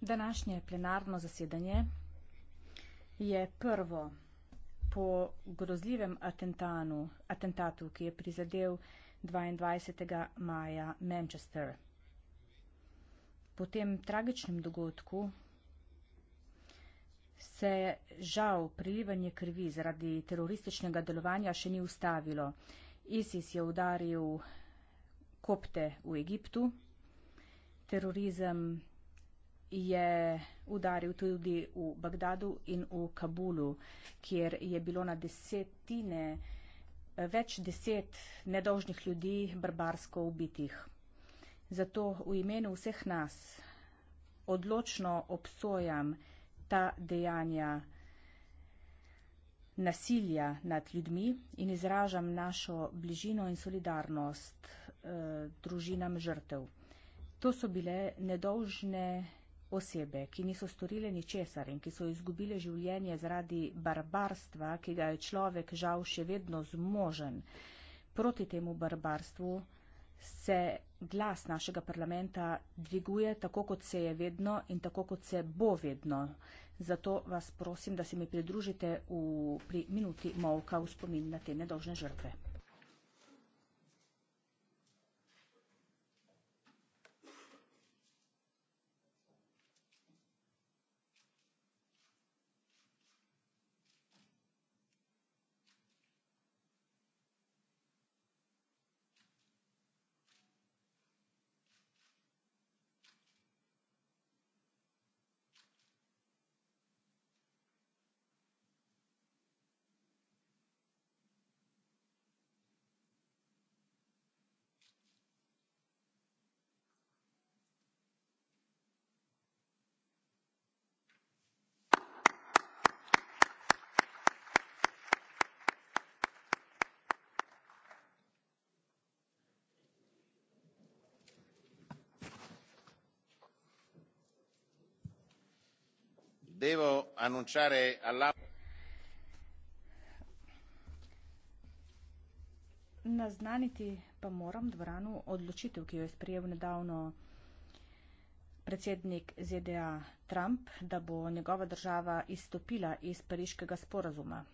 Današnje plenarno zasedanje je prvo po grozljivem atentanu, atentatu, ki je prizadel 22. maja Manchester. Po tem tragičnem dogodku se žal prilivanje krvi zaradi terorističnega delovanja še ni ustavilo. ISIS je udaril kopte v Egiptu terorizem je udaril tudi v Bagdadu in v Kabulu, kjer je bilo na desetine, več deset nedolžnih ljudi barbarsko ubitih. Zato v imenu vseh nas odločno obsojam ta dejanja nasilja nad ljudmi in izražam našo bližino in solidarnost eh, družinam žrtev. To so bile nedolžne osebe, ki niso storile ničesar in ki so izgubile življenje zaradi barbarstva, ki ga je človek žal še vedno zmožen. Proti temu barbarstvu se glas našega parlamenta dviguje tako, kot se je vedno in tako, kot se bo vedno. Zato vas prosim, da se mi pridružite v, pri minuti molka v spomin na te nedolžne žrtve. devo annunciare all'aula. naznaniti pa moram dvoranu odločitev, ki jo je sprijel nedavno predsednik ZDA Trump, da bo njegova država izstopila iz pariškega sporazuma.